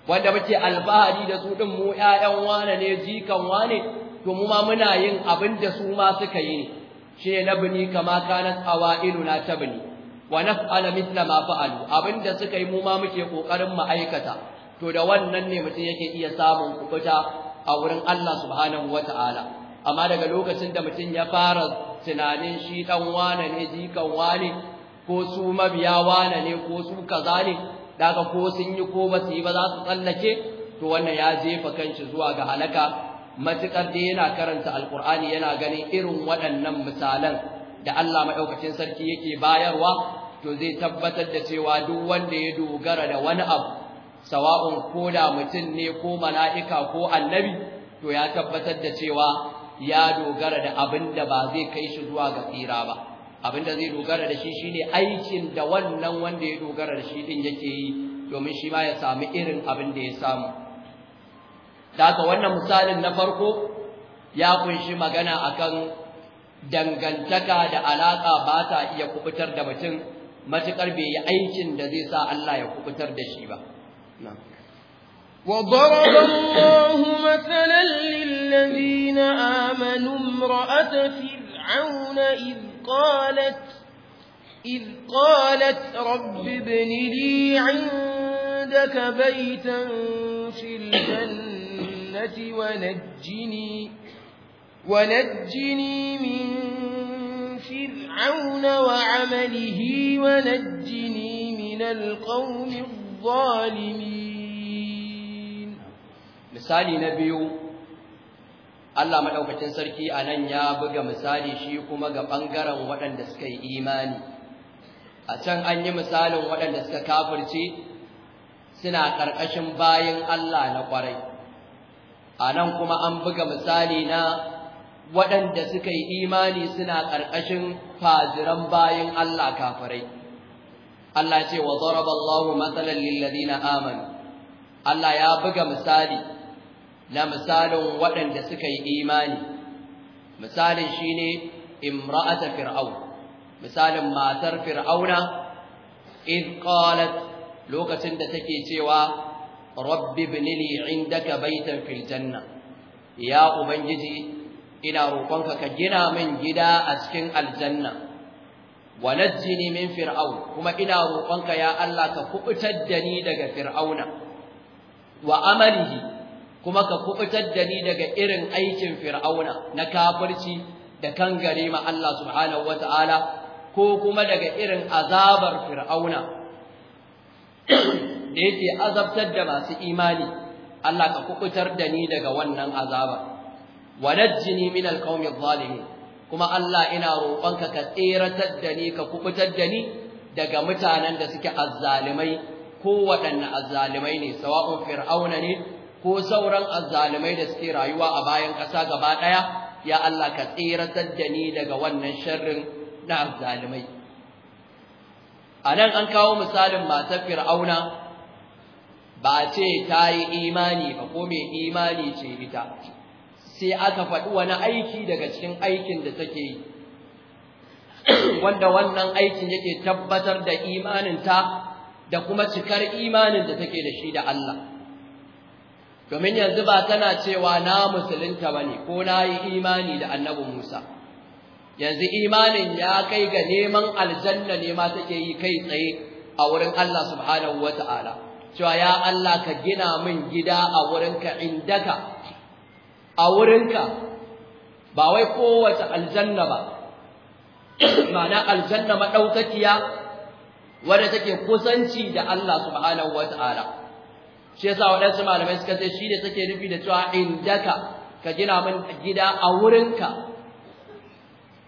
wanda muke alfahari da su din mu ƴaƴan wane ne jikan wane to mu ma muna yin abin da su ma suka yi ne. na nabni kama kanat na tabni wa naf'ala mithla ma fa'alu abin da suka yi mu ma muke kokarin mu aikata to da wannan ne mutum yake iya samun kubuta a wurin Allah subhanahu wata'ala amma daga lokacin da mutum ya fara tunanin shi dan wane ne jikan wane ko su mabiya wane ne ko su kaza ne daga ko sun yi ko ba su yi ba za su tsallake to wannan ya jefa kanshi zuwa ga halaka matukar da yana karanta alkur'ani yana ganin irin waɗannan misalan da Allah maɗaukacin sarki yake bayarwa to zai tabbatar da cewa duk wanda ya dogara da wani abu sawa'un ko da mutum ne ko mala'ika ko annabi to ya tabbatar da cewa ya dogara da abin da ba zai kai shi zuwa ga tsira ba abinda zai dogara da shi shine aikin da wannan wanda ya dogara da shi din yake yi domin shi ma ya sami irin abin da ya samu Daga wannan misalin na farko ya kunshi magana akan dangantaka da alaƙa ba ta iya kubutar da mutum matukar bai yi aikin da zai sa Allah ya kubutar da shi ba وضرب الله مثلا للذين آمنوا امرأة في فرعون إذ قالت إذ قالت رب ابن لي عندك بيتا في الجنة ونجني ونجني من فرعون وعمله ونجني من القوم الظالمين مثالي نبيه Allah maɗaukacin sarki anan ya buga misali shi kuma ga ɓangaren waɗanda suka yi imani a can an yi misalin waɗanda suka kafirce suna ƙarƙashin bayin Allah na ƙwarai a nan kuma an buga misali na waɗanda suka yi imani suna ƙarƙashin faziran bayin Allah kafirai Allah ce wa daraballahu matsalar lillazi na amanu Allah ya buga misali na misalin waɗanda suka yi imani misalin shine imra'ata fir'au misalin matar fir'auna id qalat lokacin da take cewa rabbi ibn li indaka baitan fil janna ya ubangiji ina roƙonka ka gina min gida a cikin aljanna wa najjini min fir'aun kuma ina roƙonka ya Allah ka kubutar da ni daga fir'auna wa amalihi kuma ka kubutar da ni daga irin aikin fir'auna na kafirci da kan kangare ma Allah subhanahu wataala ko kuma daga irin azabar fir'auna da yake azabtar da masu imani Allah ka kubutar da ni daga wannan azaba najjini min alqawmi adh kuma Allah ina roƙonka ka tseratar da ni ka kubutar da ni daga mutanen da suke azzalimai ko waɗanne azzalimai ne sawa'un fir'auna ne ko sauran azzalumai da suke rayuwa a bayan ƙasa gaba ɗaya ya Allah ka tsiratar da ni daga wannan sharrin na azzalumai a nan an kawo misalin matar fir'auna ba ce ta yi imani ba ko mai imani ce ita sai aka faɗi wani aiki daga cikin aikin da take yi wanda wannan aikin yake tabbatar da imaninta da kuma cikar imanin da take da shi da Allah domin yanzu ba tana cewa na musulunta ba ne ko na yi imani da annabi Musa yanzu imanin ya kai ga neman aljanna ne ma take yi kai tsaye a wurin Allah subhanahu Ta'ala. cewa ya Allah ka gina min gida a wurinka indaka a wurinka ba wai kowace aljanna ba ma'ana aljanna maɗaukakiya wadda take kusanci da Allah subhanahu Ta'ala. shi yasa waɗansu malamai suka ce shi ne take nufi da cewa indaka ka gina min gida a wurinka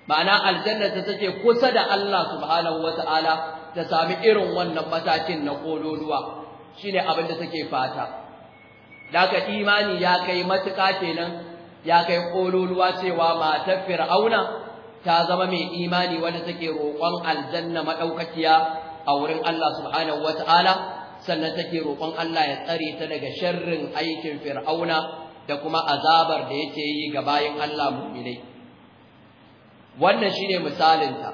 ma'ana aljanna ta take kusa da Allah subhanahu wata'ala ta sami irin wannan matakin na kololuwa ne abin da take fata daga imani ya kai matuƙa kenan ya kai kololuwa cewa matar fir'auna ta zama mai imani wanda take roƙon aljanna maɗaukaciya a wurin Allah subhanahu wata'ala sannan take roƙon Allah ya tsare ta daga sharrin aikin fir'auna da kuma azabar da yake yi ga bayin Allah mu'minai wannan shine misalinta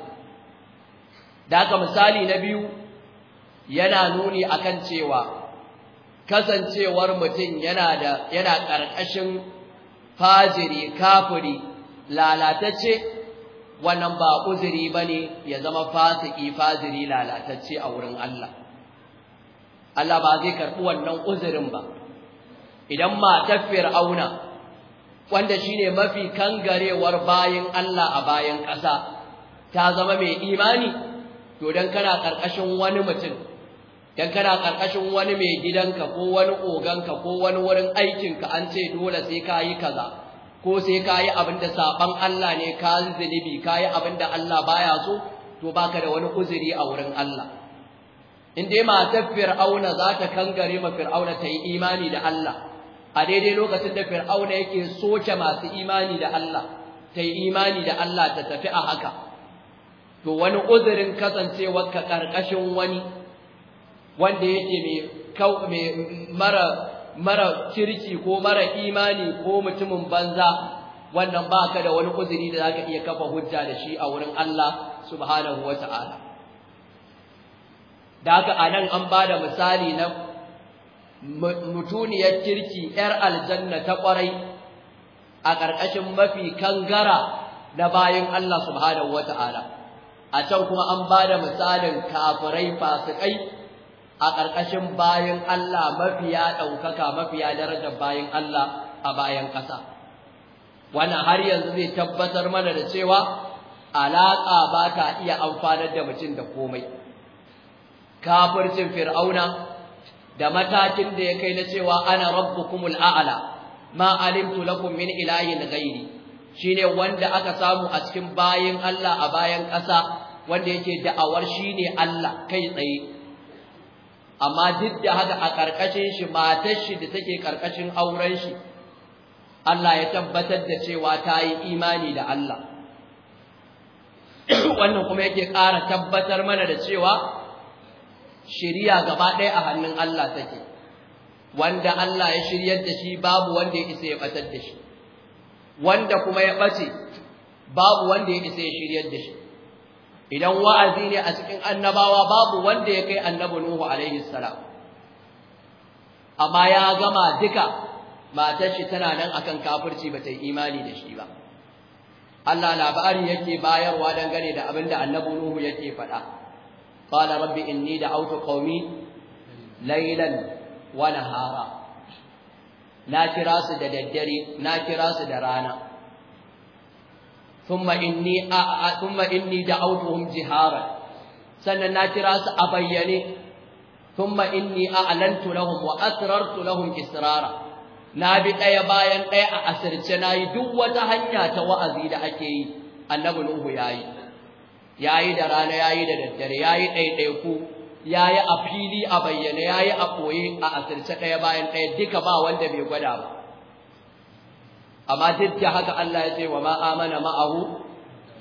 da aka misali na biyu yana nuni akan cewa kasancewar mutum yana da yana ƙarƙashin fajiri kafiri lalatacce wannan ba uzuri bane ya zama fasiki faziri lalatacce a wurin Allah. Allah ba zai karɓi wannan uzurin ba idan matar fir'auna wanda shine mafi kangarewar bayan Allah a bayan ƙasa ta zama mai imani to dan kana karkashin wani mutum dan kana karkashin wani mai gidanka ko wani oganka ko wani wurin aikinka an ce dole sai ka yi kaza ko sai ka yi abin da saban Allah ne ka zunubi ka yi abin da Allah baya so to baka da wani uzuri a wurin Allah in dai matar fir'auna za ta kangare ma fir'auna ta yi imani da Allah a daidai lokacin da fir'auna yake soke masu imani da Allah ta yi imani da Allah ta tafi a haka to wani uzurin kasancewar ka karkashin wani wanda yake mai mara mara kirki ko mara imani ko mutumin banza wannan baka da wani uzuri da zaka iya kafa hujja da shi a wurin Allah subhanahu wata'ala da haka anan an bada misali na mutuniyar kirki yar aljanna ta kwarai a ƙarƙashin mafi kangara na bayin Allah subhanahu wata'ala a can kuma an ba da misalin kafirai fasikai a ƙarƙashin bayin Allah mafiya ɗaukaka mafiya darajar bayin Allah a bayan ƙasa wannan har yanzu zai tabbatar mana da cewa alaƙa ba ta iya amfanar da mutum da komai kafircin fir'auna da matakin da ya kai na cewa ana rabbukumul a'la ma alimtu lakum min ilahin ghairi shine wanda aka samu a cikin bayin Allah a bayan ƙasa wanda yake da'awar shine Allah kai tsaye amma duk da haka a ƙarƙashin shi matar shi da take ƙarƙashin auren shi Allah ya tabbatar da cewa ta yi imani da Allah wannan kuma yake ƙara tabbatar mana da cewa shiriya gaba ɗaya a hannun Allah take wanda Allah ya shiryar da shi babu wanda ya isa ya batar da shi wanda kuma ya bace babu wanda ya isa ya shirya da shi idan wa'azi ne a cikin annabawa babu wanda ya kai annabi Nuhu alaihi salam amma ya gama duka matar shi tana nan akan kafirci ba ta yi imani da shi ba Allah labari yake bayarwa dangane da abin da annabi Nuhu yake faɗa qala rabbi inni da'awtu qaumi laylan wa nahara na kira su da daddare na kira su da rana thumma inni thumma inni da'awtuhum jihara sannan na kira su a bayyane thumma inni a'lantu lahum wa asrartu lahum israra na bi ɗaya bayan ɗaya a asirce na yi duk wata hanya ta wa'azi da ake yi, annabi Nuhu ya yi. Ya yi da rana ya yi da daddare ya yayi ɗaiɗaiku yi a fili a bayyane yi a koye a asirce ɗaya bayan ɗaya duka ba wanda bai gwada ba amma duk da haka Allah ya ce wa ma amana ma'ahu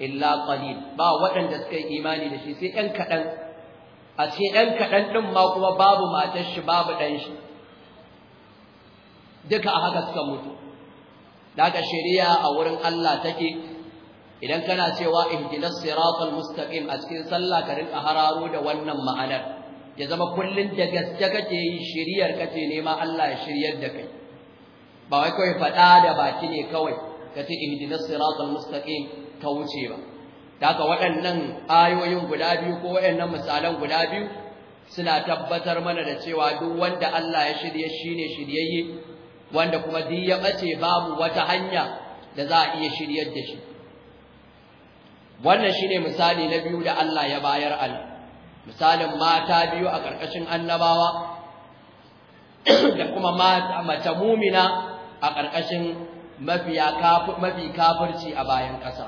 illa qalil ba waɗanda suka yi imani da shi sai ɗan kaɗan a ce ɗan kaɗan ɗin ma kuma babu matar shi babu ɗan shi duka a haka suka mutu da shari'a a wurin Allah take idan kana cewa ihdinas siratal mustaqim a cikin sallah ka rinka hararo da wannan ma'anar ya zama kullun da gaske kake yi shiriyar kace nema Allah ya shiryar da kai ba wai kawai fada da baki ne kawai kace ihdinas siratal mustaqim ka wuce ba haka waɗannan ayoyin guda biyu ko waɗannan misalan guda biyu suna tabbatar mana da cewa duk wanda Allah ya shirye shine shiryayye wanda kuma duk ya bace babu wata hanya da za a iya shiryar da shi wannan shine misali na biyu da Allah ya bayar al misalin mata biyu a ƙarƙashin annabawa da kuma mace mumina a ƙarƙashin mafi kafirci a bayan ƙasa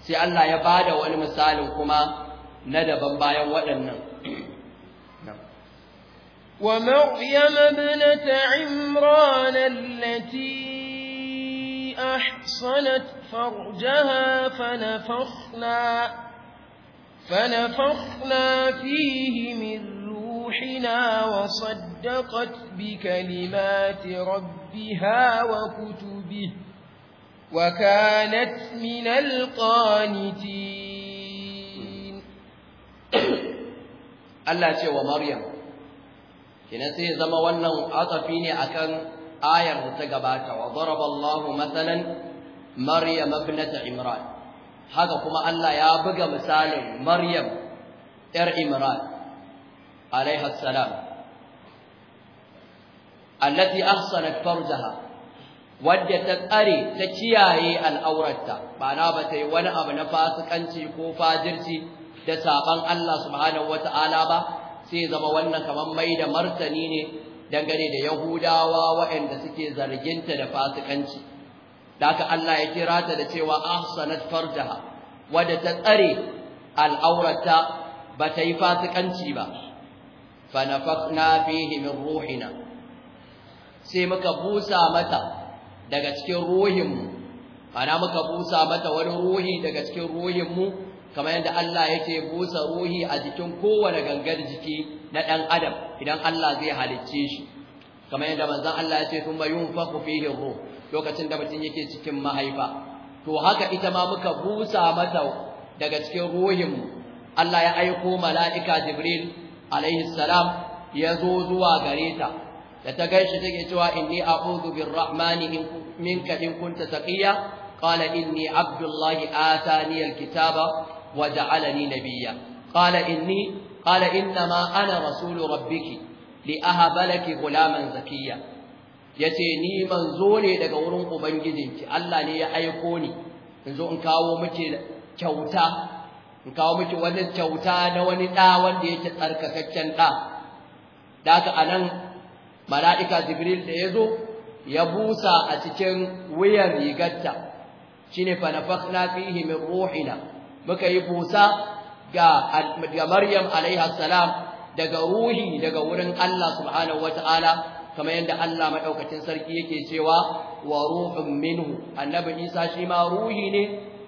sai Allah ya bada wani misalin kuma na daban bayan waɗannan ومريم ابنة عمران التي أحصنت فرجها فنفخنا فنفخنا فيه من روحنا وصدقت بكلمات ربها وكتبه وكانت من القانتين الله سيوى مريم كنسي زموانا عطفيني أكن آية متقباتة وضرب الله مثلاً Maryam ibnat Imran haka kuma Allah ya buga misalin Maryam ‘yar Imran alaiha salam allati ahsanat farjaha wadda ta tsare ta kiyaye al'aurarta ba na ba ta yi wani abu na fasikanci ko fajirci da saban Allah subhanahu wata'ala ba sai zama wannan kamar mai da martani ne dangane da Yahudawa waɗanda suke zarginta da fasikanci da Allah ya kira ta da cewa ahsanat fardaha wadda ta tsare al'aurata ba ta yi fasikanci ba fa nafakna fihi min ruhina sai muka busa mata daga cikin ruhinmu ana muka busa mata wani ruhi daga cikin ruhinmu kamar yadda Allah yake busa ruhi a jikin kowane gangar jiki na ɗan adam idan Allah zai halicce shi kamar yadda manzon Allah ya ce thumma yunfakhu fihi ruh lokacin da mutum yake cikin mahaifa to haka ita ma muka busa mata daga cikin ruhinmu Allah ya aiko mala'ika Jibril alaihi salam ya zo zuwa gare ta da ta gaishe take cewa inni a'udhu birrahmani minka in kunta taqiya qala inni abdullahi atani alkitaba wa ja'alani nabiyya qala inni qala inna ma ana rasulu rabbiki li ahaba laki ghulaman zakiyya yace ni manzo ne daga wurin ubangijinki Allah ne ya aiko ni in zo in kawo miki kyauta in kawo miki wani kyauta na wani da wanda yake tsarkakakken da daga anan mala'ika jibril da yazo ya busa a cikin wuyan rigarta shine fa nafakhna fihi min ruhina muka yi busa ga ga Maryam alaiha salam daga ruhi daga wurin Allah subhanahu wataala kamar yadda Allah madaukakin sarki yake cewa wa ruhun minhu annabi Isa shi ma ruhi ne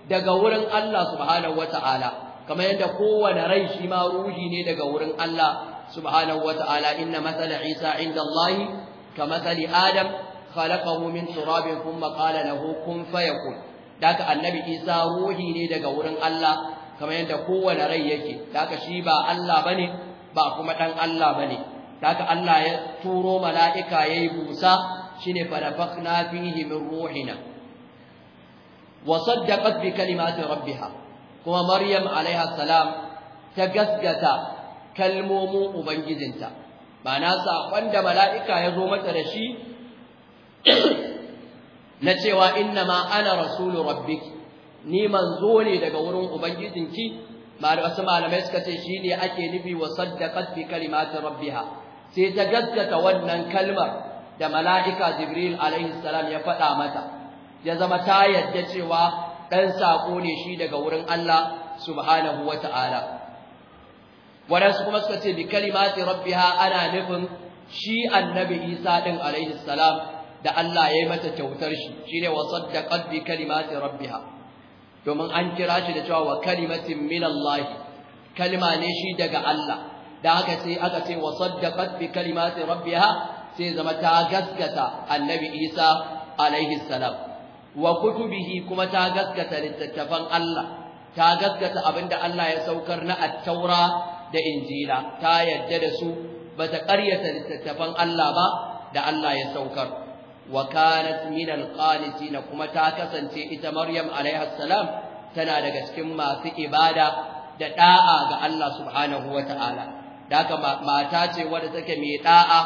daga wurin Allah subhanahu wataala kamar yadda kowane rai shi ma ruhi ne daga wurin Allah subhanahu wataala inna mathala Isa inda Allah kamathali Adam khalaqahu min turabin thumma qala lahu kun fayakun daka annabi Isa ruhi ne daga wurin Allah kamar yadda kowane rai yake daka shi ba Allah bane ba kuma dan Allah bane kaga Allah ya turo mala'ika yayi busa shine farafakhna fihi min ruhina wa saddaqat bi kalimati rabbiha kuma maryam alaiha salam ta gaskata kalmomin ubangijinta ba na sakon da mala'ika ya zo mata da shi na cewa inna ma ana rasulu rabbiki ni manzo ne daga wurin ubangijinki malamai suka ce ne ake nufi wa da bi kalimatin rabbiha sai ta gaskata wannan kalmar da mala'ika Jibril alaihi salam ya faɗa mata ya zama ta yadda cewa ɗan saƙo ne shi daga wurin Allah subhanahu ta'ala. waɗansu kuma suka ce bi kalimati rabbiha ana nufin shi annabi Isa ɗin alaihi salam da Allah ya yi mata kyautar shi shine wa saddaqat bi kalimati rabbiha domin an kira shi da cewa wa kalimatin min Allah kalima ne shi daga Allah da haka sai aka ce wa saddaqat bi kalimati rabbiha sai zama ta gaskata annabi Isa alaihi salam wa kutubihi kuma ta gaskata littattafan Allah ta gaskata abinda Allah ya saukar na Attaura da injila ta yadda da su bata ƙaryata littattafan Allah ba da Allah ya saukar wa kanat min al kuma ta kasance ita Maryam alaiha salam tana daga cikin masu ibada da da'a ga Allah subhanahu wa ta'ala da mata ce wadda take mai da'a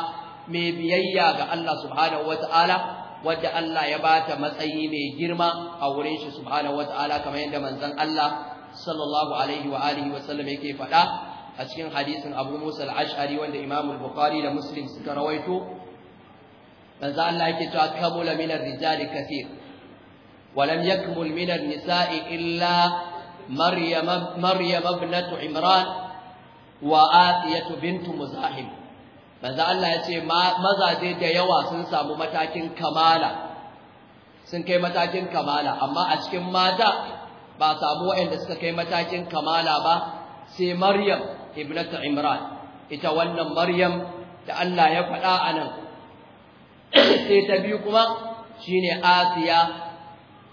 mai biyayya ga Allah subhanahu wata'ala wadda Allah ya bata matsayi mai girma a wurin shi subhanahu wata'ala kamar yadda manzon Allah sallallahu alaihi wa alihi wa sallam yake faɗa a cikin hadisin Abu Musa al-Ash'ari wanda Imam al-Bukhari da Muslim suka rawaito manzo Allah yake cewa kamula min ar-rijali kathir wa lam yakmul min an-nisa'i illa maryam maryam ibnatu imran wa asiyatu bintu muzahim manzo Allah ya ce mazaje da yawa sun samu matakin kamala sun kai matakin kamala amma a cikin mata ba samu waɗanda suka kai matakin kamala ba sai Maryam ibnatu Imran ita wannan Maryam da Allah ya faɗa a nan sai ta biyu kuma shine Asiya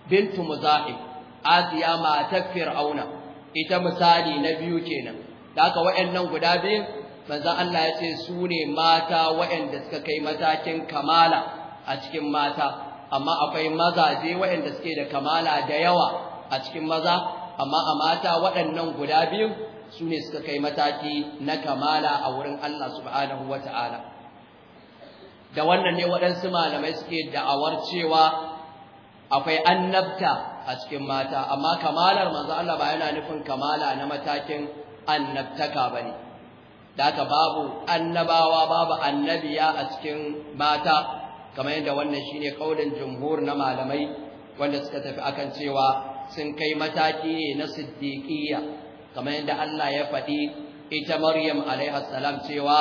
bintu Muzahim Asiya matar Fir'auna ita misali na biyu kenan da aka waɗannan guda biyu manzon Allah ya ce su ne mata waɗanda suka kai matakin kamala a cikin mata amma akwai mazaje waɗanda suke da kamala da yawa a cikin maza amma a mata waɗannan guda biyu su ne suka kai mataki na kamala a wurin Allah subhanahu wa ta'ala da wannan ne waɗansu malamai suke da'awar cewa akwai annabta a cikin mata amma kamalar manzan Allah ba yana nufin kamala na matakin annabtaka ba ne da babu annabawa babu annabiya a cikin mata kamar yadda wannan shine ƙaunin jumhur na malamai wanda suka tafi akan cewa sun kai mataki ne na siddiqiyya kamar yadda Allah ya faɗi ita Maryam alaiha salam cewa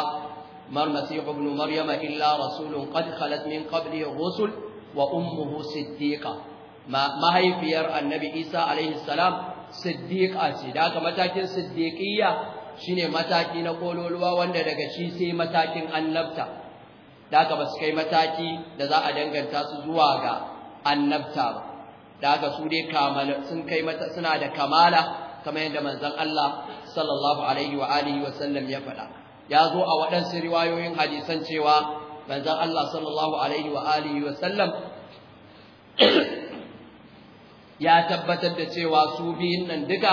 mar masih ibn maryam illa rasulun qad khalat min qablihi rusul wa ummuhu siddiqa mahaifiyar annabi Isa alaihi salam siddiqa ce da aka matakin siddiqiyya shine mataki na kololuwa wanda daga shi sai matakin annabta da aka ba su kai mataki da za a danganta su zuwa ga annabta ba da aka su dai kamala sun kai mata suna da kamala kamar yadda manzon Allah sallallahu alaihi wa alihi wa sallam ya faɗa ya zo a waɗansu riwayoyin hadisan cewa manzon Allah sallallahu alaihi wa alihi wa sallam ya tabbatar da cewa su biyun nan duka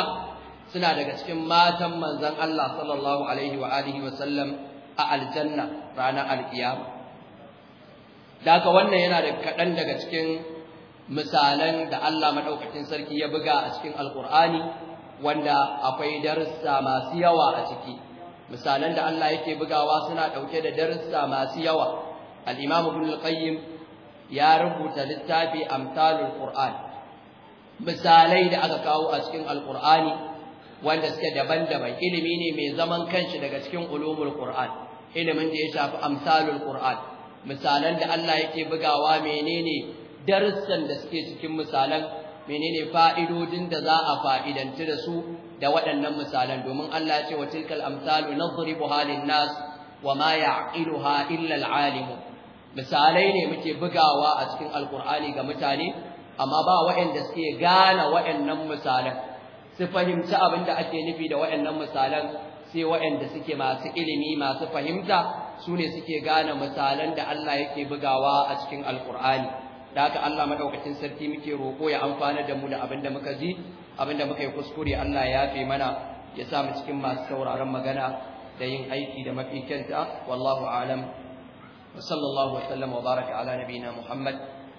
suna daga cikin matan manzon Allah sallallahu alaihi wa alihi wa sallam a aljanna ranar alkiyama daga wannan yana da kaɗan daga cikin misalan da Allah madaukakin sarki ya buga a cikin alkur'ani wanda akwai darussa masu yawa a ciki misalan da Allah yake bugawa suna ɗauke da darussa masu yawa al-imam ibn al-qayyim ya rubuta littafi amsalul qur'ani misalai da aka kawo a cikin alkur'ani wanda suke daban-daban ilimi ne mai zaman kanshi daga cikin ulumul qur'an ilimin da ya shafi amsalul qur'an misalan da Allah yake bugawa menene darussan da suke cikin misalan menene fa'idodin da za a fa'idanci da su da waɗannan misalan domin Allah ya ce wa tilkal amsalu nadribuha lin-nas wa ma ya'qiluha illa al misalai ne muke bugawa a cikin alkur'ani ga mutane amma ba waɗanda suke gane waɗannan misalan su fahimci abin da ake nufi da waɗannan misalan sai waɗanda suke masu ilimi masu fahimta su ne suke gane misalan da Allah yake bugawa a cikin alkur'ani da haka Allah madaukakin sarki muke roƙo ya amfana da mu da abin da muka ji abin da muka yi kuskure Allah ya yafe mana ya sa mu cikin masu sauraron magana da yin aiki da mafi kyanta wallahu alam wa sallallahu wa sallam wa baraka ala nabiyina muhammad